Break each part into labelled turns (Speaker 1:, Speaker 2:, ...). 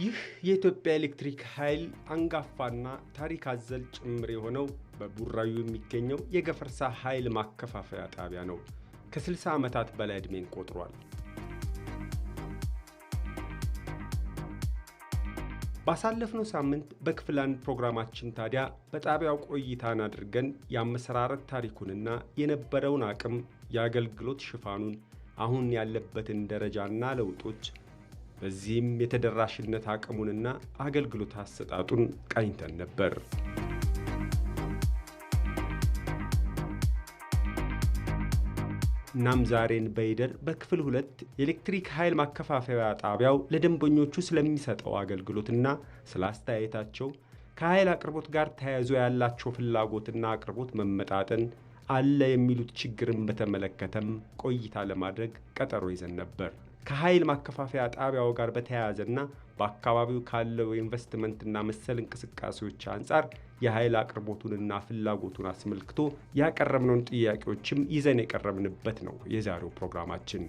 Speaker 1: ይህ የኢትዮጵያ ኤሌክትሪክ ኃይል አንጋፋና ታሪክ አዘል ጭምር የሆነው በቡራዩ የሚገኘው የገፈርሳ ኃይል ማከፋፈያ ጣቢያ ነው። ከ60 ዓመታት በላይ ዕድሜን ቆጥሯል። ባሳለፍነው ሳምንት በክፍል አንድ ፕሮግራማችን ታዲያ በጣቢያው ቆይታን አድርገን የአመሰራረት ታሪኩንና የነበረውን አቅም፣ የአገልግሎት ሽፋኑን፣ አሁን ያለበትን ደረጃና ለውጦች በዚህም የተደራሽነት አቅሙንና አገልግሎት አሰጣጡን ቃኝተን ነበር። እናም ዛሬን በይደር በክፍል ሁለት የኤሌክትሪክ ኃይል ማከፋፈያ ጣቢያው ለደንበኞቹ ስለሚሰጠው አገልግሎትና ስለ አስተያየታቸው ከኃይል አቅርቦት ጋር ተያይዞ ያላቸው ፍላጎትና አቅርቦት መመጣጠን አለ የሚሉት ችግርን በተመለከተም ቆይታ ለማድረግ ቀጠሮ ይዘን ነበር። ከኃይል ማከፋፈያ ጣቢያው ጋር በተያያዘና በአካባቢው ካለው ኢንቨስትመንትና መሰል እንቅስቃሴዎች አንጻር የኃይል አቅርቦቱንና ፍላጎቱን አስመልክቶ ያቀረብነውን ጥያቄዎችም ይዘን የቀረብንበት ነው የዛሬው ፕሮግራማችን።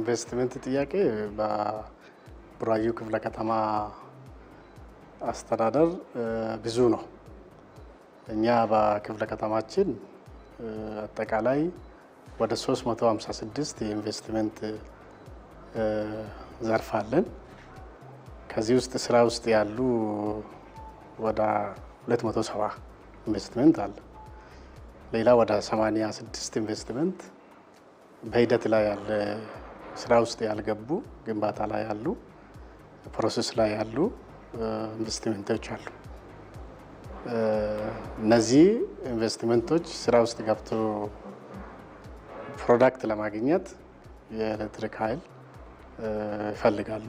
Speaker 2: ኢንቨስትመንት ጥያቄ በቡራዩ ክፍለ ከተማ አስተዳደር ብዙ ነው። እኛ በክፍለ ከተማችን አጠቃላይ ወደ 356 የኢንቨስትመንት ዘርፍ አለን። ከዚህ ውስጥ ስራ ውስጥ ያሉ ወደ 270 ኢንቨስትመንት አለ። ሌላ ወደ 86 ኢንቨስትመንት በሂደት ላይ ያለ ስራ ውስጥ ያልገቡ ግንባታ ላይ ያሉ ፕሮሰስ ላይ ያሉ ኢንቨስትመንቶች አሉ። እነዚህ ኢንቨስትመንቶች ስራ ውስጥ ገብቶ ፕሮዳክት ለማግኘት የኤሌክትሪክ ኃይል ይፈልጋሉ።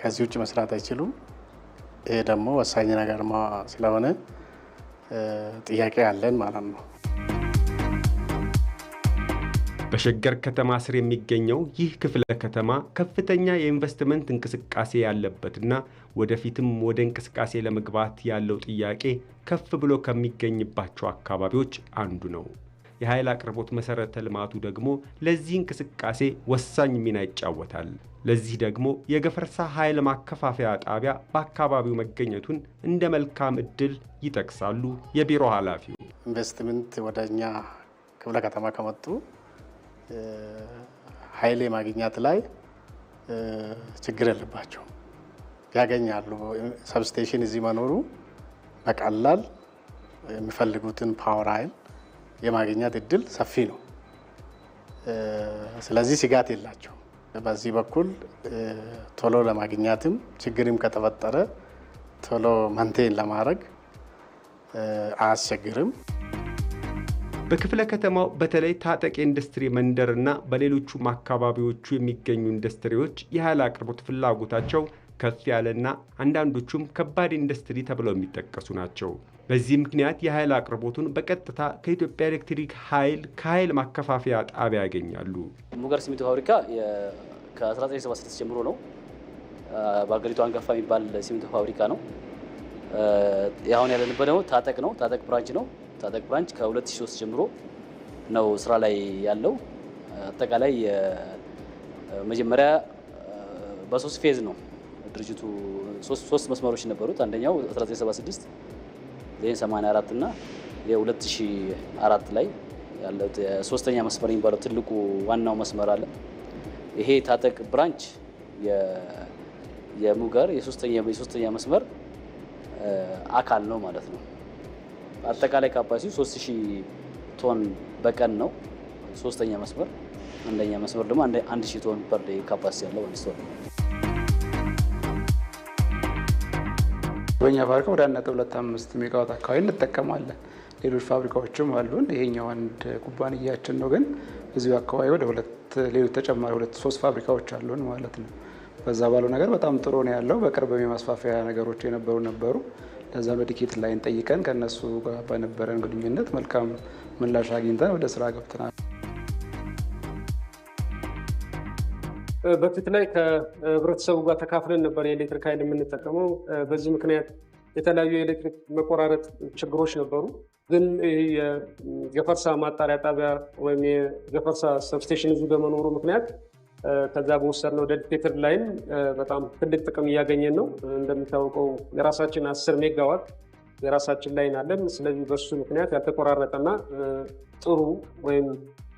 Speaker 2: ከዚህ ውጭ መስራት አይችሉም። ይሄ ደግሞ ወሳኝ ነገር ስለሆነ ጥያቄ ያለን ማለት ነው።
Speaker 1: በሸገር ከተማ ስር የሚገኘው ይህ ክፍለ ከተማ ከፍተኛ የኢንቨስትመንት እንቅስቃሴ ያለበትና ወደፊትም ወደ እንቅስቃሴ ለመግባት ያለው ጥያቄ ከፍ ብሎ ከሚገኝባቸው አካባቢዎች አንዱ ነው። የኃይል አቅርቦት መሰረተ ልማቱ ደግሞ ለዚህ እንቅስቃሴ ወሳኝ ሚና ይጫወታል። ለዚህ ደግሞ የገፈርሳ ኃይል ማከፋፈያ ጣቢያ በአካባቢው መገኘቱን እንደ መልካም እድል ይጠቅሳሉ የቢሮ ኃላፊው።
Speaker 2: ኢንቨስትመንት ወደኛ ክፍለ ከተማ ከመጡ ኃይል የማግኘት ላይ ችግር የለባቸው፣ ያገኛሉ። ሰብስቴሽን እዚህ መኖሩ በቀላል የሚፈልጉትን ፓወር ኃይል የማግኘት እድል ሰፊ ነው። ስለዚህ ስጋት የላቸው። በዚህ በኩል ቶሎ ለማግኘትም ችግርም ከተፈጠረ ቶሎ መንቴን ለማድረግ አያስቸግርም።
Speaker 1: በክፍለ ከተማው በተለይ ታጠቅ ኢንዱስትሪ መንደርና በሌሎቹም አካባቢዎቹ የሚገኙ ኢንዱስትሪዎች የኃይል አቅርቦት ፍላጎታቸው ከፍ ያለና አንዳንዶቹም ከባድ ኢንዱስትሪ ተብለው የሚጠቀሱ ናቸው። በዚህ ምክንያት የኃይል አቅርቦቱን በቀጥታ ከኢትዮጵያ ኤሌክትሪክ ኃይል ከኃይል ማከፋፈያ ጣቢያ ያገኛሉ።
Speaker 3: ሙገር ሲሚንቶ ፋብሪካ ከ1976 ጀምሮ ነው በሀገሪቱ አንጋፋ የሚባል ሲሚንቶ ፋብሪካ ነው። አሁን ያለንበት ደግሞ ታጠቅ ነው። ታጠቅ ብራንች ነው። ታጠቅ ብራንች ከ2003 ጀምሮ ነው ስራ ላይ ያለው። አጠቃላይ መጀመሪያ በሶስት ፌዝ ነው ድርጅቱ። ሶስት መስመሮች ነበሩት። አንደኛው 1976 ይህን እና የ2004 ላይ ያለው ሶስተኛ መስመር የሚባለው ትልቁ ዋናው መስመር አለ። ይሄ ታጠቅ ብራንች የሙገር የሶስተኛ መስመር አካል ነው ማለት ነው። አጠቃላይ ካፓሲቲ 3000 ቶን በቀን ነው ሶስተኛ መስመር። አንደኛ መስመር ደግሞ 1000 ቶን ፐር ካፓሲቲ ያለው አንስቶ
Speaker 4: በኛ ፋብሪካ ወደ አንድ ነጥብ ሁለት አምስት ሜጋዋት አካባቢ እንጠቀማለን። ሌሎች ፋብሪካዎችም አሉን። ይሄኛው አንድ ኩባንያችን ነው፣ ግን እዚሁ አካባቢ ወደ ሁለት ሌሎች ተጨማሪ ሁለት ሶስት ፋብሪካዎች አሉን ማለት ነው። በዛ ባለው ነገር በጣም ጥሩ ነው ያለው። በቅርብ የማስፋፊያ ነገሮች የነበሩ ነበሩ። ለዛ በዲኬት ላይን ጠይቀን ከእነሱ ጋር በነበረን ግንኙነት መልካም ምላሽ አግኝተን ወደ ስራ ገብተናል።
Speaker 5: በፊት ላይ ከህብረተሰቡ ጋር ተካፍለን ነበር የኤሌክትሪክ ኃይል የምንጠቀመው። በዚህ ምክንያት የተለያዩ የኤሌክትሪክ መቆራረጥ ችግሮች ነበሩ። ግን ይህ የገፈርሳ ማጣሪያ ጣቢያ ወይም የገፈርሳ ሰብስቴሽን እዚህ በመኖሩ ምክንያት ከዛ በወሰድ ነው ዴዲኬትድ ላይን በጣም ትልቅ ጥቅም እያገኘን ነው። እንደሚታወቀው የራሳችን አስር ሜጋዋት የራሳችን ላይን አለን። ስለዚህ በሱ ምክንያት ያልተቆራረጠና ጥሩ ወይም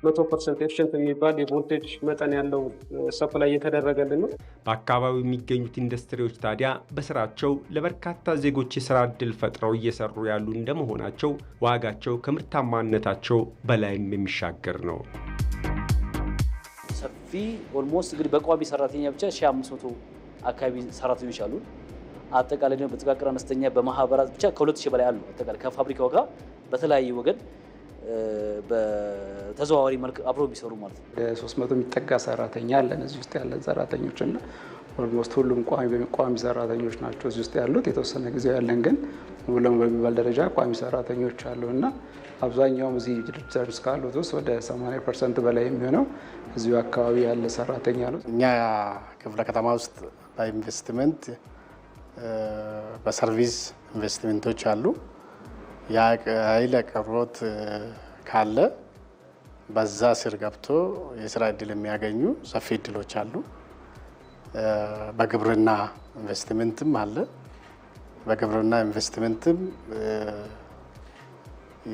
Speaker 5: መቶ ፐርሰንት ኤፍሽንት የሚባል የቮልቴጅ መጠን ያለው ሰፕላይ እየተደረገልን ነው።
Speaker 1: በአካባቢው የሚገኙት ኢንዱስትሪዎች ታዲያ በስራቸው ለበርካታ ዜጎች የስራ እድል ፈጥረው እየሰሩ ያሉ እንደመሆናቸው ዋጋቸው ከምርታማነታቸው በላይም የሚሻገር ነው።
Speaker 3: ሰፊ ኦልሞስት እንግዲህ በቋሚ ሰራተኛ ብቻ አምስት መቶ አካባቢ ሰራተኞች አሉ። አጠቃላይ ደግሞ በጥቃቅን አነስተኛ በማህበራት ብቻ ከሁለት 2000 በላይ አሉ። አጠቃላይ ከፋብሪካው ጋር በተለያየ ወገን በተዘዋዋሪ መልክ አብሮ የሚሰሩ ማለት ነው።
Speaker 4: ወደ 300 የሚጠጋ ሰራተኛ አለን እዚህ ውስጥ ያለን ሰራተኞች እና ኦልሞስት ሁሉም ቋሚ ሰራተኞች ናቸው እዚህ ውስጥ ያሉት። የተወሰነ ጊዜ ያለን ግን ሙሉ በሚባል ደረጃ ቋሚ ሰራተኞች አሉ እና አብዛኛውም እዚህ ድርጅት ውስጥ ካሉት ውስጥ ወደ 80 ፐርሰንት በላይ የሚሆነው እዚሁ አካባቢ ያለ ሰራተኛ ነው።
Speaker 6: እኛ ክፍለ ከተማ ውስጥ በኢንቨስትመንት በሰርቪስ ኢንቨስትመንቶች አሉ ኃይል አቅርቦት ካለ በዛ ስር ገብቶ የስራ እድል የሚያገኙ ሰፊ እድሎች አሉ። በግብርና ኢንቨስትመንትም አለ። በግብርና ኢንቨስትመንትም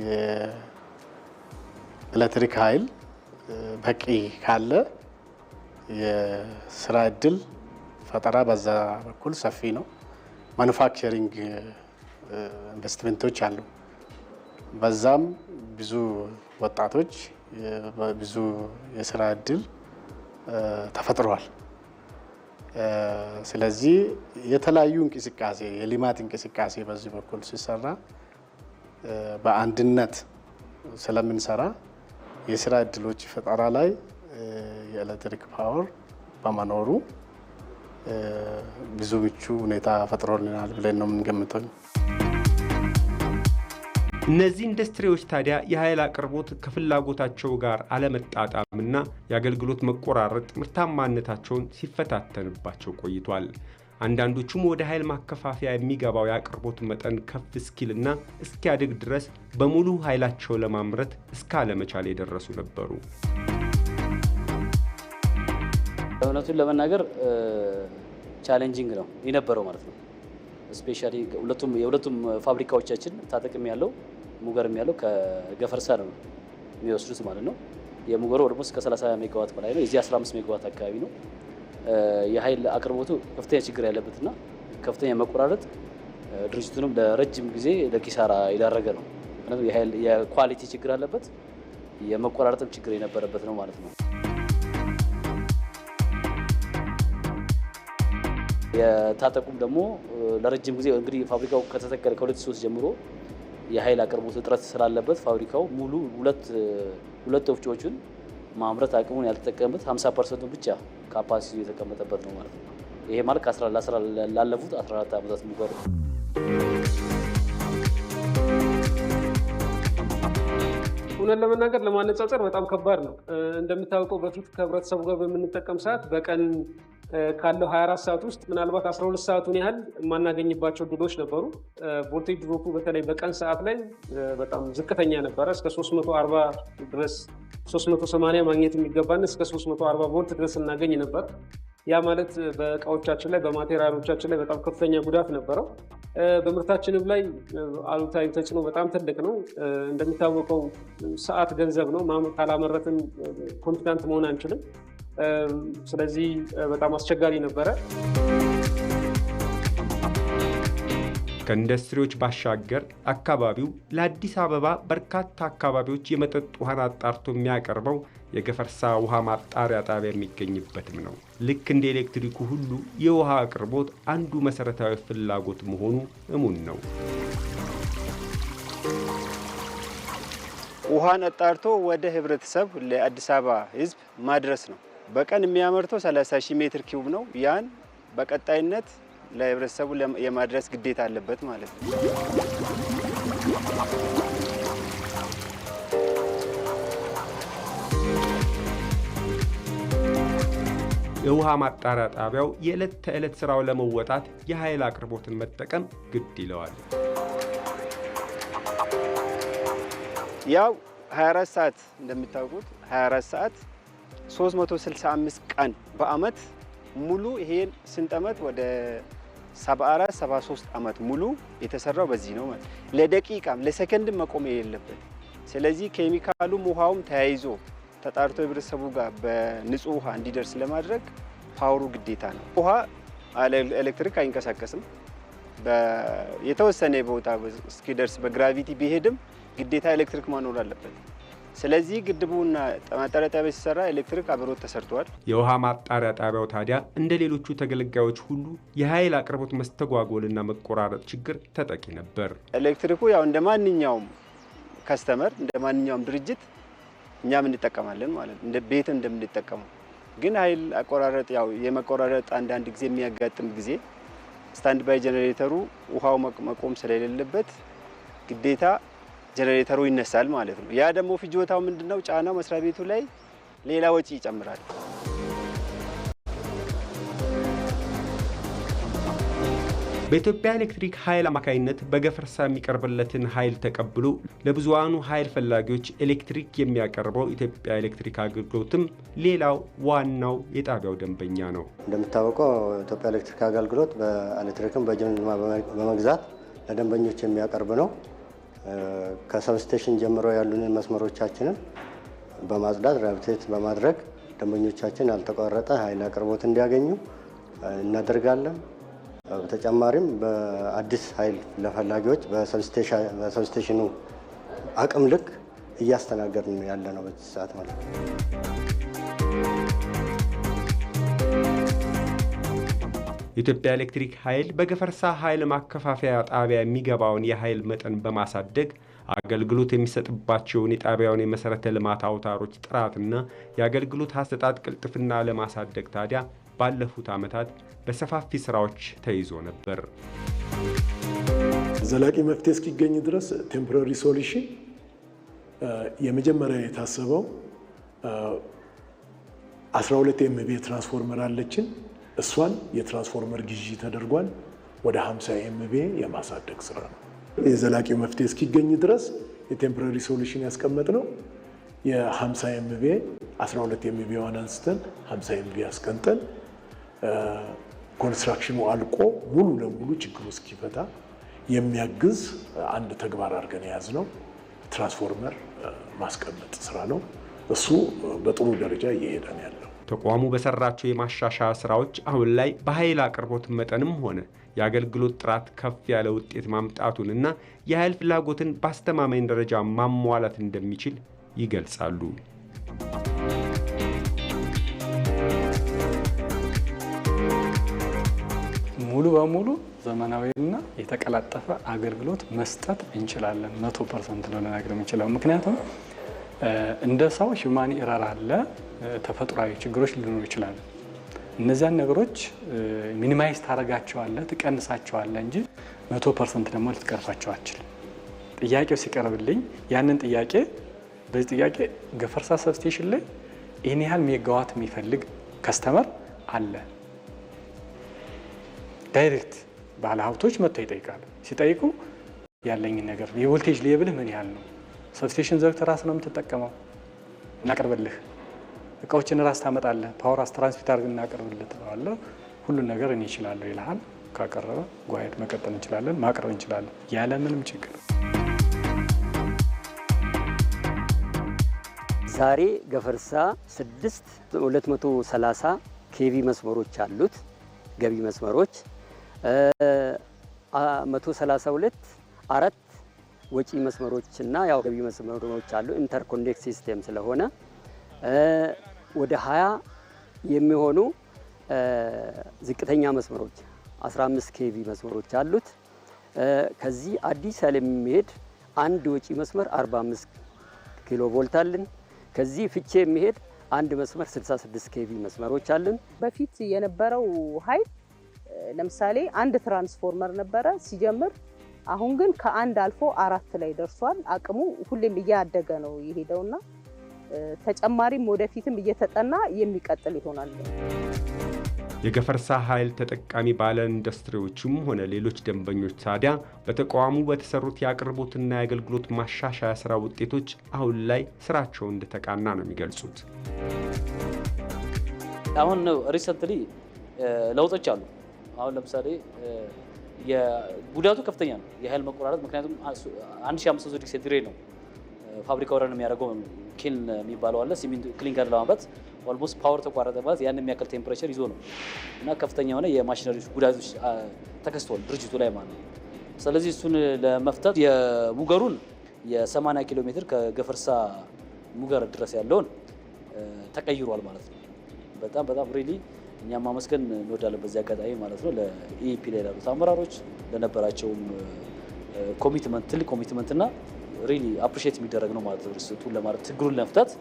Speaker 6: የኤሌክትሪክ ኃይል በቂ ካለ የስራ እድል ፈጠራ በዛ በኩል ሰፊ ነው። ማኑፋክቸሪንግ ኢንቨስትመንቶች አሉ። በዛም ብዙ ወጣቶች ብዙ የስራ እድል ተፈጥረዋል። ስለዚህ የተለያዩ እንቅስቃሴ የልማት እንቅስቃሴ በዚህ በኩል ሲሰራ በአንድነት ስለምንሰራ የስራ እድሎች ፈጠራ ላይ የኤሌክትሪክ ፓወር በመኖሩ ብዙ ምቹ ሁኔታ ፈጥሮልናል ብለን ነው የምንገምተው።
Speaker 1: እነዚህ ኢንዱስትሪዎች ታዲያ የኃይል አቅርቦት ከፍላጎታቸው ጋር አለመጣጣምና የአገልግሎት መቆራረጥ ምርታማነታቸውን ሲፈታተንባቸው ቆይቷል። አንዳንዶቹም ወደ ኃይል ማከፋፈያ የሚገባው የአቅርቦት መጠን ከፍ እስኪልና እስኪያድግ ድረስ በሙሉ ኃይላቸው ለማምረት እስካለመቻል የደረሱ ነበሩ።
Speaker 3: እውነቱን ለመናገር ቻሌንጂንግ ነው የነበረው ማለት ነው። ስፔሻሊ የሁለቱም ፋብሪካዎቻችን ታጠቅም ያለው ሙገርም ያለው ከገፈርሳ ነው የሚወስዱት ማለት ነው። የሙገሩ ደግሞ እስከ 30 ሜጋዋት በላይ ነው። የዚህ 15 ሜጋዋት አካባቢ ነው። የኃይል አቅርቦቱ ከፍተኛ ችግር ያለበትና ከፍተኛ መቆራረጥ ድርጅቱንም ለረጅም ጊዜ ለኪሳራ የዳረገ ነው። የኳሊቲ ችግር አለበት፣ የመቆራረጥም ችግር የነበረበት ነው ማለት ነው። የታጠቁም ደግሞ ለረጅም ጊዜ እንግዲህ ፋብሪካው ከተተከለ ከሁለት ሶስት ጀምሮ የኃይል አቅርቦት እጥረት ስላለበት ፋብሪካው ሙሉ ሁለት ሁለት ወፍጮዎችን ማምረት አቅሙን ያልተጠቀመበት 50 ፐርሰንቱ ብቻ ካፓሲቲ የተቀመጠበት ነው ማለት ነው። ይሄ ማለት ላለፉት 14 ዓመታት የሚጓሩ
Speaker 5: እውነት ለመናገር ለማነጻጸር በጣም ከባድ ነው። እንደምታውቀው በፊት ከህብረተሰቡ ጋር በምንጠቀም ሰዓት በቀን ካለው 24 ሰዓት ውስጥ ምናልባት 12 ሰዓቱን ያህል የማናገኝባቸው ድሎች ነበሩ። ቮልቴጅ ድሮፑ በተለይ በቀን ሰዓት ላይ በጣም ዝቅተኛ ነበረ። እስከ 340 ድረስ 380 ማግኘት የሚገባን እስከ 340 ቮልት ድረስ እናገኝ ነበር። ያ ማለት በእቃዎቻችን ላይ በማቴሪያሎቻችን ላይ በጣም ከፍተኛ ጉዳት ነበረው። በምርታችንም ላይ አሉታዊ ተጽዕኖ በጣም ትልቅ ነው። እንደሚታወቀው ሰዓት ገንዘብ ነው። ካላመረትን ኮንፊዳንት መሆን አንችልም። ስለዚህ በጣም አስቸጋሪ ነበረ።
Speaker 1: ከኢንዱስትሪዎች ባሻገር አካባቢው ለአዲስ አበባ በርካታ አካባቢዎች የመጠጥ ውሃን አጣርቶ የሚያቀርበው የገፈርሳ ውሃ ማጣሪያ ጣቢያ የሚገኝበትም ነው። ልክ እንደ ኤሌክትሪኩ ሁሉ የውሃ አቅርቦት አንዱ መሠረታዊ ፍላጎት መሆኑ እሙን ነው።
Speaker 2: ውሃን አጣርቶ ወደ ህብረተሰብ ለአዲስ አበባ ህዝብ ማድረስ ነው። በቀን የሚያመርተው 30 ሺህ ሜትር ኪዩብ ነው። ያን በቀጣይነት ለህብረተሰቡ የማድረስ ግዴታ አለበት ማለት ነው።
Speaker 1: የውሃ ማጣሪያ ጣቢያው የዕለት ተዕለት ሥራው ለመወጣት የኃይል አቅርቦትን መጠቀም ግድ ይለዋል።
Speaker 2: ያው 24 ሰዓት እንደሚታወቁት 24 ሰዓት 365 ቀን በአመት ሙሉ ይሄን ስንጠመት ወደ 74 73 አመት ሙሉ የተሰራው በዚህ ነው ማለት ለደቂቃም ለሰከንድ መቆም የሌለበት ስለዚህ ኬሚካሉም ውሃውም ተያይዞ ተጣርቶ ህብረተሰቡ ጋር በንጹህ ውሃ እንዲደርስ ለማድረግ ፓወሩ ግዴታ ነው። ውሃ ኤሌክትሪክ አይንቀሳቀስም። የተወሰነ ቦታ እስኪደርስ በግራቪቲ ቢሄድም ግዴታ ኤሌክትሪክ ማኖር አለበት። ስለዚህ ግድቡና ማጣሪያ ጣቢያ ሲሰራ ኤሌክትሪክ አብሮት ተሰርተዋል።
Speaker 1: የውሃ ማጣሪያ ጣቢያው ታዲያ እንደ ሌሎቹ ተገልጋዮች ሁሉ የኃይል አቅርቦት መስተጓጎልና መቆራረጥ ችግር ተጠቂ ነበር።
Speaker 2: ኤሌክትሪኩ ያው እንደ ማንኛውም ከስተመር እንደ ማንኛውም ድርጅት እኛም እንጠቀማለን ማለት እንደ ቤት እንደምንጠቀመው ግን ኃይል አቆራረጥ ያው የመቆራረጥ አንዳንድ ጊዜ የሚያጋጥም ጊዜ ስታንድ ባይ ጀኔሬተሩ ውሃው መቆም ስለሌለበት ግዴታ ጀኔሬተሩ ይነሳል ማለት ነው። ያ ደግሞ ፍጆታው ምንድነው ጫናው መስሪያ ቤቱ ላይ ሌላ ወጪ ይጨምራል።
Speaker 1: በኢትዮጵያ ኤሌክትሪክ ኃይል አማካኝነት በገፈርሳ የሚቀርብለትን ኃይል ተቀብሎ ለብዙሃኑ ኃይል ፈላጊዎች ኤሌክትሪክ የሚያቀርበው ኢትዮጵያ ኤሌክትሪክ አገልግሎትም ሌላው ዋናው የጣቢያው ደንበኛ ነው።
Speaker 2: እንደሚታወቀው ኢትዮጵያ ኤሌክትሪክ አገልግሎት በኤሌክትሪክም በጅምላ በመግዛት ለደንበኞች የሚያቀርብ ነው። ከሰብስቴሽን ጀምሮ ያሉንን መስመሮቻችንን በማጽዳት ረብቴት በማድረግ ደንበኞቻችን ያልተቋረጠ ኃይል አቅርቦት እንዲያገኙ እናደርጋለን። በተጨማሪም በአዲስ ኃይል ለፈላጊዎች በሰብስቴሽኑ አቅም ልክ እያስተናገድን ያለ ነው በዚህ ሰዓት ማለት ነው።
Speaker 1: የኢትዮጵያ ኤሌክትሪክ ኃይል በገፈርሳ ኃይል ማከፋፈያ ጣቢያ የሚገባውን የኃይል መጠን በማሳደግ አገልግሎት የሚሰጥባቸውን የጣቢያውን የመሠረተ ልማት አውታሮች ጥራትና የአገልግሎት አሰጣጥ ቅልጥፍና ለማሳደግ ታዲያ ባለፉት ዓመታት በሰፋፊ ስራዎች ተይዞ ነበር።
Speaker 7: ዘላቂ መፍትሄ እስኪገኝ ድረስ ቴምፖራሪ ሶሉሽን የመጀመሪያ የታሰበው 12 ኤምቢ ትራንስፎርመር አለችን። እሷን የትራንስፎርመር ግዢ ተደርጓል። ወደ 50 ኤምቤ የማሳደግ ስራ ነው። የዘላቂው መፍትሄ እስኪገኝ ድረስ የቴምፖራሪ ሶሉሽን ያስቀመጥ ነው። የ50 ኤምቤ 12 ኤምቤዋን አንስተን 50 ኤምቤ አስቀንጠን ኮንስትራክሽኑ አልቆ ሙሉ ለሙሉ ችግሩ እስኪፈታ የሚያግዝ አንድ ተግባር አድርገን የያዝ ነው ትራንስፎርመር ማስቀመጥ ስራ ነው። እሱ በጥሩ ደረጃ እየሄደ ያለ
Speaker 1: ተቋሙ በሰራቸው የማሻሻያ ስራዎች አሁን ላይ በኃይል አቅርቦት መጠንም ሆነ የአገልግሎት ጥራት ከፍ ያለ ውጤት ማምጣቱንና የኃይል ፍላጎትን በአስተማማኝ ደረጃ ማሟላት እንደሚችል ይገልጻሉ።
Speaker 2: ሙሉ በሙሉ ዘመናዊና የተቀላጠፈ አገልግሎት መስጠት እንችላለን። መቶ ፐርሰንት ነው ልነግር የምችለው ምክንያቱም እንደ ሰው ሂውማን ኤረር አለ፣ ተፈጥሯዊ ችግሮች ሊኖሩ ይችላል እነዚያን ነገሮች ሚኒማይዝ ታደርጋቸዋለ፣ ትቀንሳቸዋለ እንጂ መቶ ፐርሰንት ደግሞ ልትቀርፋቸው አችል። ጥያቄው ሲቀርብልኝ ያንን ጥያቄ በዚህ ጥያቄ ገፈርሳ ሰብስቴሽን ላይ ይህን ያህል ሜጋዋት የሚፈልግ ከስተመር አለ። ዳይሬክት ባለሀብቶች መጥተው ይጠይቃሉ። ሲጠይቁ ያለኝን ነገር የቮልቴጅ ሌብልህ ምን ያህል ነው ሰብስቴሽን ዘግተህ ራስ ነው የምትጠቀመው፣ እናቅርብልህ፣ እቃዎችን ራስ ታመጣለህ፣ ፓወር አስትራንስፊት አድርግ እናቅርብልህ ትለዋለህ። ሁሉን ነገር እኔ ይችላለሁ ይልሃል። ካቀረበ ጓሄድ መቀጠል እንችላለን፣ ማቅረብ እንችላለን ያለምንም ችግር።
Speaker 3: ዛሬ ገፈርሳ 6 230 ኬቪ መስመሮች አሉት፣ ገቢ መስመሮች 132 አራት ወጪ መስመሮችና ያው ገቢ መስመሮች አሉ። ኢንተርኮኔክት ሲስተም ስለሆነ ወደ 20 የሚሆኑ ዝቅተኛ መስመሮች 15 ኬቪ መስመሮች አሉት። ከዚህ አዲስ ያለ የሚሄድ አንድ ወጪ መስመር 45 ኪሎ ቮልት አለን። ከዚህ ፍቼ የሚሄድ አንድ መስመር 66 ኬቪ መስመሮች አለን።
Speaker 8: በፊት የነበረው ኃይል ለምሳሌ አንድ ትራንስፎርመር ነበረ ሲጀምር አሁን ግን ከአንድ አልፎ አራት ላይ ደርሷል። አቅሙ ሁሌም እያደገ ነው የሄደውና ተጨማሪም ወደፊትም እየተጠና የሚቀጥል ይሆናል።
Speaker 1: የገፈርሳ ኃይል ተጠቃሚ ባለ ኢንዱስትሪዎችም ሆነ ሌሎች ደንበኞች ታዲያ በተቋሙ በተሰሩት የአቅርቦትና የአገልግሎት ማሻሻያ ስራ ውጤቶች አሁን ላይ ስራቸው እንደተቃና ነው የሚገልጹት።
Speaker 3: አሁን ሪሰንትሊ ለውጦች አሉ። አሁን ለምሳሌ የጉዳቱ ከፍተኛ ነው፣ የኃይል መቆራረጥ። ምክንያቱም 1500 ዲግሪ ሴንቲግሬድ ነው ፋብሪካ ወረን የሚያደርገው ኪልን የሚባለው አለ ሲሚንቶ ክሊንከር ለማምረት ኦልሞስት ፓወር ተቋረጠ ማለት ያን የሚያክል ቴምፕሬቸር ይዞ ነው እና ከፍተኛ የሆነ የማሽነሪ ጉዳቶች ተከስቷል ድርጅቱ ላይ ማለት ነው። ስለዚህ እሱን ለመፍታት የሙገሩን የ80 ኪሎ ሜትር ከገፈርሳ ሙገር ድረስ ያለውን ተቀይሯል ማለት ነው። በጣም በጣም ሪሊ እኛም ማመስገን እንወዳለን በዚህ አጋጣሚ ማለት ነው ለኢፒ ላይ ላሉት አመራሮች ለነበራቸውም ኮሚትመንት ትልቅ ኮሚትመንት እና ሪሊ አፕሪሼት የሚደረግ ነው ማለት ነው። ድርጅቱን ለማለት ችግሩን ለመፍታት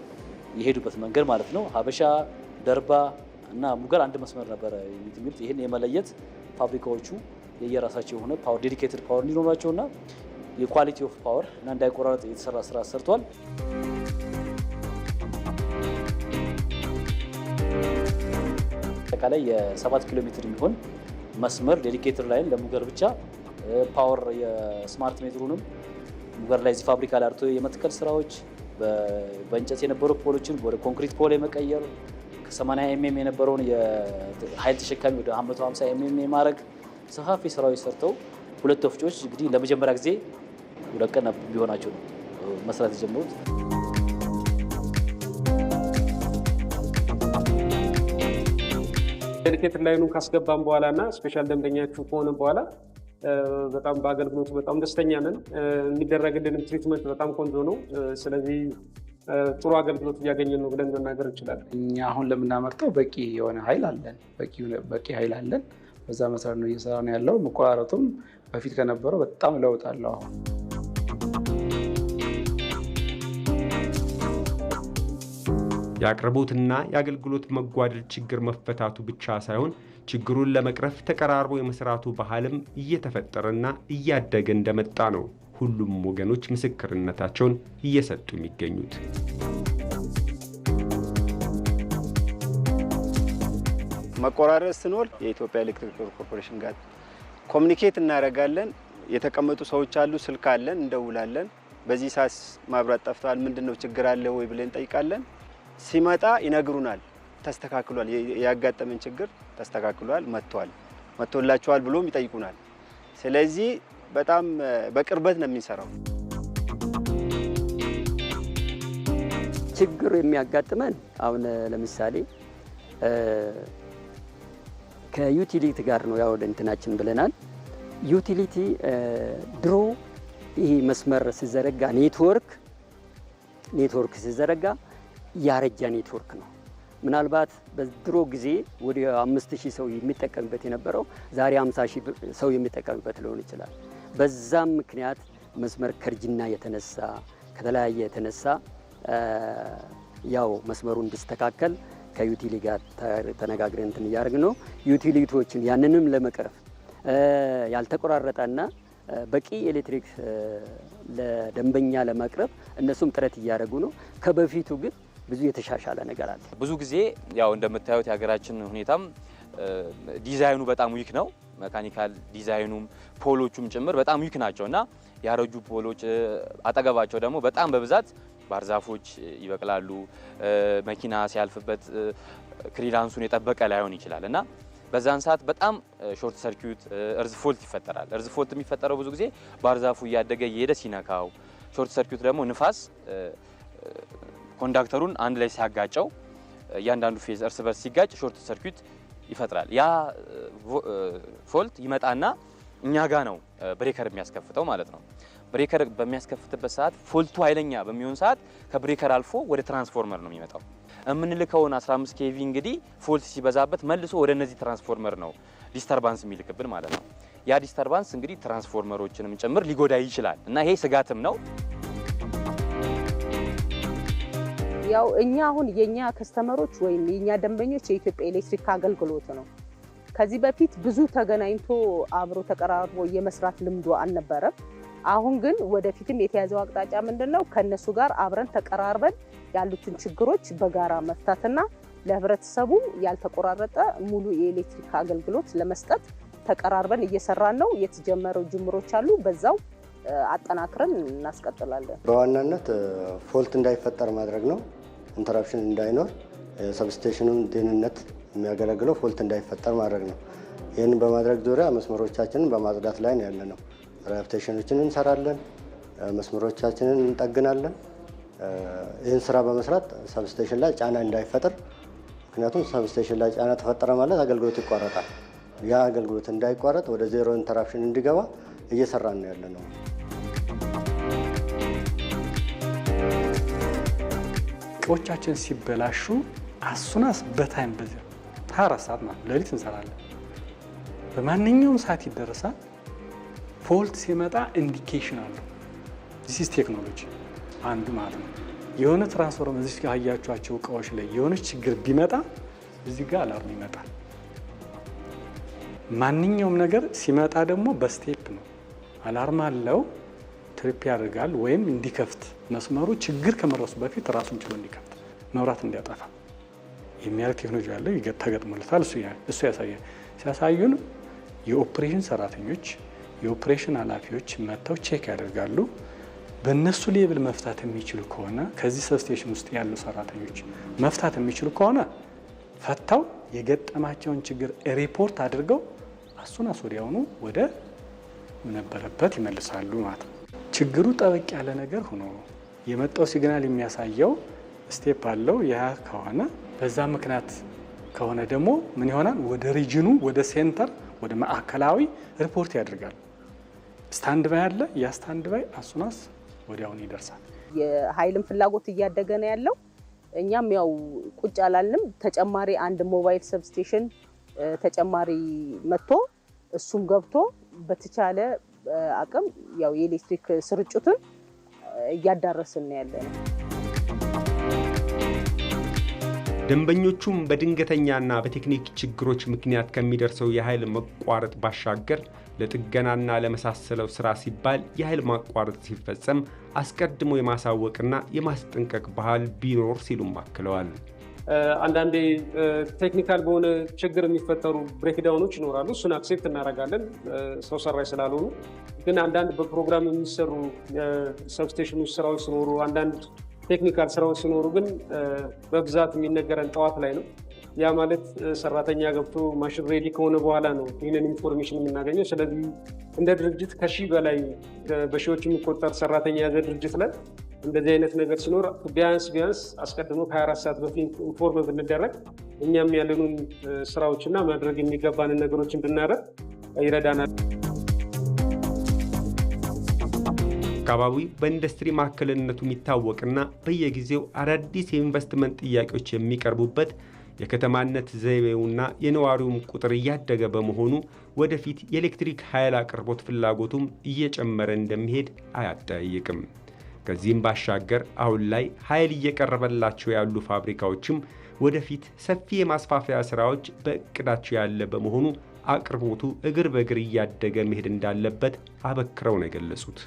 Speaker 3: የሄዱበት መንገድ ማለት ነው። ሀበሻ ደርባ እና ሙገር አንድ መስመር ነበረ የሚሉት ይህን የመለየት ፋብሪካዎቹ የየራሳቸው የሆነ ፓወር ዴዲኬትድ ፓወር እንዲኖራቸው እና የኳሊቲ ኦፍ ፓወር እና እንዳይቆራረጥ የተሰራ ስራ ሰርቷል። አጠቃላይ የሰባት ኪሎ ሜትር የሚሆን መስመር ዴዲኬትር ላይን ለሙገር ብቻ ፓወር የስማርት ሜትሩንም ሙገር ላይ እዚህ ፋብሪካ ላይ አርቶ የመትከል ስራዎች በእንጨት የነበሩ ፖሎችን ወደ ኮንክሪት ፖል የመቀየር ከ80 ኤምኤም የነበረውን የኃይል ተሸካሚ ወደ 150 ኤምኤም የማድረግ ሰፋፊ ስራዎች ሰርተው ሁለት ወፍጮች እንግዲህ ለመጀመሪያ ጊዜ ሁለት ቀን ቢሆናቸው ነው መስራት የጀመሩት።
Speaker 5: ዴሊኬት ላይኑን ካስገባም በኋላ እና ስፔሻል ደንበኛችሁ ከሆነ በኋላ በጣም በአገልግሎቱ በጣም ደስተኛ ነን። የሚደረግልንም ትሪትመንት በጣም ቆንጆ ነው። ስለዚህ ጥሩ አገልግሎት እያገኘን ነው ብለን መናገር እንችላለን።
Speaker 4: እኛ አሁን ለምናመርተው በቂ የሆነ ኃይል አለን፣ በቂ ኃይል አለን። በዛ መሰረት ነው እየሰራ ነው ያለው። መቆራረጡም በፊት ከነበረው በጣም ለውጥ አለው አሁን
Speaker 1: የአቅርቦትና የአገልግሎት መጓደል ችግር መፈታቱ ብቻ ሳይሆን ችግሩን ለመቅረፍ ተቀራርቦ የመስራቱ ባህልም እየተፈጠረና እያደገ እንደመጣ ነው ሁሉም ወገኖች ምስክርነታቸውን እየሰጡ የሚገኙት።
Speaker 2: መቆራረጥ ስኖር የኢትዮጵያ ኤሌክትሪክ ኮርፖሬሽን ጋር ኮሚኒኬት እናደርጋለን። የተቀመጡ ሰዎች አሉ፣ ስልክ አለን፣ እንደውላለን። በዚህ ሳስ ማብራት ጠፍተዋል ምንድን ነው ችግር አለ ወይ ብለን እንጠይቃለን። ሲመጣ ይነግሩናል። ተስተካክሏል፣ ያጋጠመን ችግር ተስተካክሏል፣ መጥቷል፣ መጥቶላችኋል ብሎም ይጠይቁናል። ስለዚህ በጣም በቅርበት ነው የምንሰራው።
Speaker 3: ችግሩ የሚያጋጥመን አሁን ለምሳሌ ከዩቲሊቲ ጋር ነው ያው እንትናችን ብለናል። ዩቲሊቲ ድሮ ይሄ መስመር ሲዘረጋ ኔትወርክ ኔትወርክ ሲዘረጋ ያረጃ ኔትወርክ ነው። ምናልባት በድሮ ጊዜ ወደ አምስት ሺህ ሰው የሚጠቀምበት የነበረው ዛሬ አምሳ ሺህ ሰው የሚጠቀምበት ሊሆን ይችላል። በዛም ምክንያት መስመር ከእርጅና የተነሳ ከተለያየ የተነሳ ያው መስመሩ እንዲስተካከል ከዩቲሊ ጋር ተነጋግረን እንትን ነው። ዩቲሊቲዎችን ያንንም ለመቅረፍ ያልተቆራረጠና በቂ ኤሌክትሪክ ለደንበኛ ለማቅረብ እነሱም ጥረት እያደረጉ ነው። ከበፊቱ ግን ብዙ የተሻሻለ ነገር አለ። ብዙ ጊዜ ያው እንደምታዩት የሀገራችን ሁኔታም ዲዛይኑ በጣም ዊክ ነው። መካኒካል ዲዛይኑም ፖሎቹም ጭምር በጣም ዊክ ናቸው እና ያረጁ ፖሎች አጠገባቸው ደግሞ በጣም በብዛት ባርዛፎች ይበቅላሉ። መኪና ሲያልፍበት ክሊራንሱን የጠበቀ ላይሆን ይችላል እና በዛን ሰዓት በጣም ሾርት ሰርኪዩት እርዝ ፎልት ይፈጠራል። እርዝ ፎልት የሚፈጠረው ብዙ ጊዜ ባርዛፉ እያደገ እየሄደ ሲነካው፣ ሾርት ሰርኪዩት ደግሞ ንፋስ ኮንዳክተሩን አንድ ላይ ሲያጋጨው እያንዳንዱ ፌዝ እርስ በርስ ሲጋጭ ሾርት ሰርኪት ይፈጥራል። ያ ፎልት ይመጣና እኛ ጋ ነው ብሬከር የሚያስከፍተው ማለት ነው። ብሬከር በሚያስከፍትበት ሰዓት ፎልቱ ኃይለኛ በሚሆን ሰዓት ከብሬከር አልፎ ወደ ትራንስፎርመር ነው የሚመጣው። የምንልከውን 15 ኬቪ እንግዲህ ፎልት ሲበዛበት መልሶ ወደ እነዚህ ትራንስፎርመር ነው ዲስተርባንስ የሚልክብን ማለት ነው። ያ ዲስተርባንስ እንግዲህ ትራንስፎርመሮችንም ጭምር ሊጎዳ ይችላል እና ይሄ ስጋትም ነው።
Speaker 8: ያው እኛ አሁን የኛ ከስተመሮች ወይም የኛ ደንበኞች የኢትዮጵያ ኤሌክትሪክ አገልግሎት ነው። ከዚህ በፊት ብዙ ተገናኝቶ አብሮ ተቀራርቦ የመስራት ልምዱ አልነበረም። አሁን ግን ወደፊትም የተያዘው አቅጣጫ ምንድን ነው? ከእነሱ ጋር አብረን ተቀራርበን ያሉትን ችግሮች በጋራ መፍታትና ለህብረተሰቡ ያልተቆራረጠ ሙሉ የኤሌክትሪክ አገልግሎት ለመስጠት ተቀራርበን እየሰራን ነው። የተጀመረው ጅምሮች አሉ። በዛው አጠናክረን እናስቀጥላለን።
Speaker 2: በዋናነት ፎልት እንዳይፈጠር ማድረግ ነው። ኢንተራፕሽን እንዳይኖር ሰብስቴሽኑን ደህንነት የሚያገለግለው ፎልት እንዳይፈጠር ማድረግ ነው። ይህን በማድረግ ዙሪያ መስመሮቻችንን በማጽዳት ላይ ነው ያለ ነው። ራፕቴሽኖችን እንሰራለን፣ መስመሮቻችንን እንጠግናለን። ይህን ስራ በመስራት ሰብስቴሽን ላይ ጫና እንዳይፈጥር፣ ምክንያቱም ሰብስቴሽን ላይ ጫና ተፈጠረ ማለት አገልግሎት ይቋረጣል። ያ አገልግሎት እንዳይቋረጥ ወደ ዜሮ ኢንተራፕሽን እንዲገባ እየሰራን ነው ያለ ነው።
Speaker 4: እቅዶቻችን ሲበላሹ አሱናስ በታይም በዚያ ታራ ሰዓት ማለት ሌሊት እንሰራለን። በማንኛውም ሰዓት ይደረሳል። ፎልት ሲመጣ ኢንዲኬሽን አለው። ዚስ ቴክኖሎጂ አንዱ ማለት ነው። የሆነ ትራንስፎርም እዚህ ጋር ያያችኋቸው እቃዎች ላይ የሆነ ችግር ቢመጣ እዚህ ጋር አላርም ይመጣል። ማንኛውም ነገር ሲመጣ ደግሞ በስቴፕ ነው። አላርም አለው ትሪፕ ያደርጋል ወይም እንዲከፍት መስመሩ ችግር ከመድረሱ በፊት ራሱን ችሎ እንዲከፍት መብራት እንዲያጠፋ የሚያደርግ ቴክኖሎጂ ያለ ተገጥሞለታል። እሱ ያሳያል። ሲያሳዩን የኦፕሬሽን ሰራተኞች፣ የኦፕሬሽን ኃላፊዎች መጥተው ቼክ ያደርጋሉ። በእነሱ ሌብል መፍታት የሚችሉ ከሆነ ከዚህ ሰብስቴሽን ውስጥ ያሉ ሰራተኞች መፍታት የሚችሉ ከሆነ ፈታው የገጠማቸውን ችግር ሪፖርት አድርገው አሱን አስወዲያውኑ ወደ ነበረበት ይመልሳሉ ማለት ነው። ችግሩ ጠበቅ ያለ ነገር ሆኖ የመጣው ሲግናል የሚያሳየው ስቴፕ አለው። ያ ከሆነ በዛ ምክንያት ከሆነ ደግሞ ምን ይሆናል? ወደ ሪጅኑ ወደ ሴንተር ወደ ማዕከላዊ ሪፖርት ያደርጋል። ስታንድ ባይ አለ። ያ ስታንድ ባይ አሱናስ ወዲያውን ይደርሳል።
Speaker 8: የኃይልም ፍላጎት እያደገ ነው ያለው። እኛም ያው ቁጭ አላልንም። ተጨማሪ አንድ ሞባይል ሰብስቴሽን ተጨማሪ መጥቶ እሱም ገብቶ በተቻለ አቅም ያው የኤሌክትሪክ ስርጭቱን እያዳረስን ያለ ነው።
Speaker 1: ደንበኞቹም በድንገተኛና በቴክኒክ ችግሮች ምክንያት ከሚደርሰው የኃይል መቋረጥ ባሻገር ለጥገናና ለመሳሰለው ስራ ሲባል የኃይል ማቋረጥ ሲፈጸም አስቀድሞ የማሳወቅና የማስጠንቀቅ ባህል ቢኖር ሲሉም አክለዋል።
Speaker 5: አንዳንዴ ቴክኒካል በሆነ ችግር የሚፈጠሩ ብሬክዳውኖች ይኖራሉ። እሱን አክሴፕት እናደርጋለን፣ ሰው ሰራሽ ስላልሆኑ። ግን አንዳንድ በፕሮግራም የሚሰሩ ሰብስቴሽኖች ስራዎች ሲኖሩ፣ አንዳንድ ቴክኒካል ስራዎች ሲኖሩ ግን በብዛት የሚነገረን ጠዋት ላይ ነው። ያ ማለት ሰራተኛ ገብቶ ማሽን ሬዲ ከሆነ በኋላ ነው ይህንን ኢንፎርሜሽን የምናገኘው። ስለዚህ እንደ ድርጅት ከሺህ በላይ በሺዎች የሚቆጠር ሰራተኛ ያዘ ድርጅት ላይ እንደዚህ አይነት ነገር ሲኖር ቢያንስ ቢያንስ አስቀድሞ ከ24 ሰዓት በፊት ኢንፎርም ብንደረግ እኛም ያለንን ስራዎችና ማድረግ የሚገባንን ነገሮችን ብናደርግ ይረዳናል።
Speaker 1: አካባቢ በኢንዱስትሪ ማዕከልነቱ የሚታወቅና በየጊዜው አዳዲስ የኢንቨስትመንት ጥያቄዎች የሚቀርቡበት የከተማነት ዘይቤውና የነዋሪውም ቁጥር እያደገ በመሆኑ ወደፊት የኤሌክትሪክ ኃይል አቅርቦት ፍላጎቱም እየጨመረ እንደሚሄድ አያጠያይቅም። ከዚህም ባሻገር አሁን ላይ ኃይል እየቀረበላቸው ያሉ ፋብሪካዎችም ወደፊት ሰፊ የማስፋፊያ ሥራዎች በእቅዳቸው ያለ በመሆኑ አቅርቦቱ እግር በእግር እያደገ መሄድ እንዳለበት አበክረው ነው የገለጹት።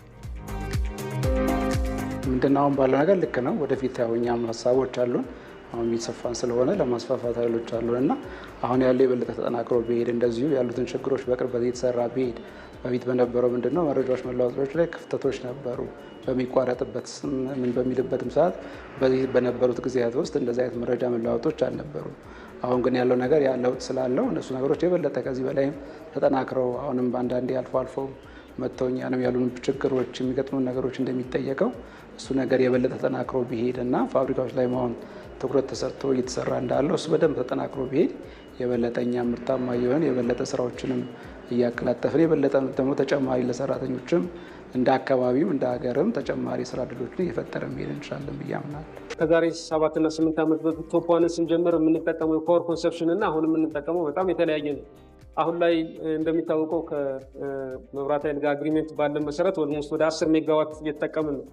Speaker 4: ምንድን ነው አሁን ባለው ነገር ልክ ነው። ወደፊት ያው እኛም ሀሳቦች አሉን አሁን እየተሰፋን ስለሆነ ለማስፋፋት ኃይሎች አሉን እና አሁን ያለው የበለጠ ተጠናክሮ ቢሄድ እንደዚሁ ያሉትን ችግሮች በቅርበት እየተሰራ ቢሄድ በፊት በነበረው ምንድነው መረጃዎች መለዋወጦች ላይ ክፍተቶች ነበሩ። በሚቋረጥበት ምን በሚልበትም ሰዓት በዚህ በነበሩት ጊዜያት ውስጥ እንደዚህ አይነት መረጃ መለዋወጦች አልነበሩም። አሁን ግን ያለው ነገር ለውጥ ስላለው እነሱ ነገሮች የበለጠ ከዚህ በላይም ተጠናክረው አሁንም አንዳንዴ አልፎ አልፎ መጥተውኛንም ያሉን ችግሮች የሚገጥሙን ነገሮች እንደሚጠየቀው እሱ ነገር የበለጠ ተጠናክሮ ቢሄድ እና ፋብሪካዎች ላይ መሆን ትኩረት ተሰርቶ እየተሰራ እንዳለው እሱ በደንብ ተጠናክሮ ቢሄድ የበለጠኛ ምርታማ የሆን የበለጠ ስራዎችንም እያቀላጠፍን የበለጠ ደግሞ ተጨማሪ ለሰራተኞችም እንደ አካባቢም እንደ ሀገርም ተጨማሪ ስራ እድሎችን እየፈጠረ መሄድ እንችላለን ብዬ አምናለሁ።
Speaker 5: ከዛሬ ሰባትና ስምንት ዓመት በፊት ቶፕ ዋንን ስንጀምር የምንጠቀመው የፓወር ኮንሰፕሽን እና አሁን የምንጠቀመው በጣም የተለያየ ነው። አሁን ላይ እንደሚታወቀው ከመብራት ኃይል ጋር አግሪሜንት ባለን መሰረት ኦልሞስት ወደ አስር ሜጋዋት እየተጠቀምን ነው።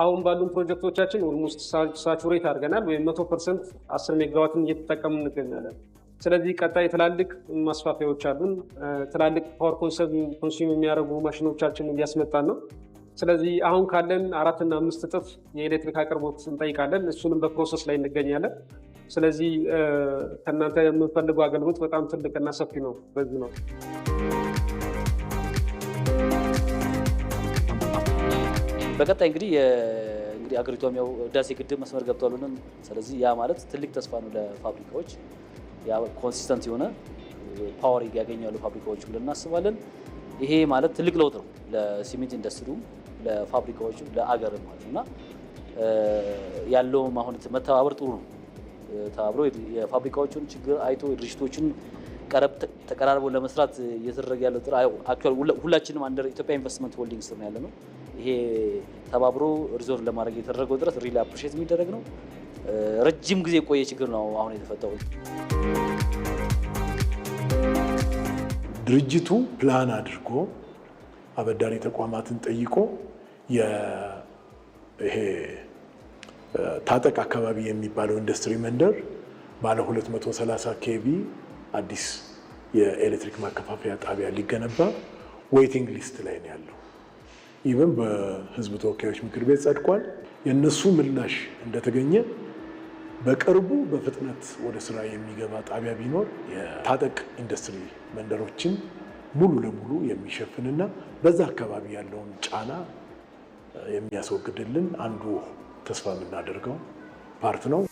Speaker 5: አሁን ባሉን ፕሮጀክቶቻችን ኦልሞስት ሳቹሬት አድርገናል ወይም መቶ ፐርሰንት አስር ሜጋዋትን እየተጠቀሙ እንገኛለን። ስለዚህ ቀጣይ ትላልቅ ማስፋፊያዎች አሉን። ትላልቅ ፓወር ኮንሱም የሚያደርጉ ማሽኖቻችን እያስመጣን ነው። ስለዚህ አሁን ካለን አራትና አምስት እጥፍ የኤሌክትሪክ አቅርቦት እንጠይቃለን። እሱንም በፕሮሰስ ላይ እንገኛለን። ስለዚህ ከእናንተ የምንፈልገው አገልግሎት በጣም ትልቅና ሰፊ ነው። በዚህ ነው
Speaker 3: በቀጣይ እንግዲህ እንግዲህ አገሪቷም ያው ህዳሴ ግድብ መስመር ገብቷሉንም። ስለዚህ ያ ማለት ትልቅ ተስፋ ነው ለፋብሪካዎች ኮንሲስተንት የሆነ ፓወር ያገኛሉ ፋብሪካዎች ብለን እናስባለን። ይሄ ማለት ትልቅ ለውጥ ነው ለሲሚንት ኢንዱስትሪውም፣ ለፋብሪካዎቹ፣ ለአገር ማለት እና ያለውም አሁን መተባበር ጥሩ ነው። ተባብሮ የፋብሪካዎቹን ችግር አይቶ ድርጅቶችን ተቀራርቦ ለመስራት እየተደረገ ያለው ጥረት ሁላችንም አንደር ኢትዮጵያ ኢንቨስትመንት ሆልዲንግ ስር ነው ያለ ነው። ይሄ ተባብሮ ሪዞርቭ ለማድረግ የተደረገው ጥረት ሪል አፕሪሼት የሚደረግ ነው። ረጅም ጊዜ የቆየ ችግር ነው አሁን የተፈጠው።
Speaker 7: ድርጅቱ ፕላን አድርጎ አበዳሪ ተቋማትን ጠይቆ ይሄ ታጠቅ አካባቢ የሚባለው ኢንዱስትሪ መንደር ባለ 230 ኬቪ አዲስ የኤሌክትሪክ ማከፋፈያ ጣቢያ ሊገነባ ዌይቲንግ ሊስት ላይ ነው ያለው። ኢቨን በህዝብ ተወካዮች ምክር ቤት ጸድቋል። የእነሱ ምላሽ እንደተገኘ በቅርቡ በፍጥነት ወደ ስራ የሚገባ ጣቢያ ቢኖር የታጠቅ ኢንዱስትሪ መንደሮችን ሙሉ ለሙሉ የሚሸፍንና በዛ አካባቢ ያለውን ጫና የሚያስወግድልን አንዱ ተስፋ የምናደርገው ፓርት ነው።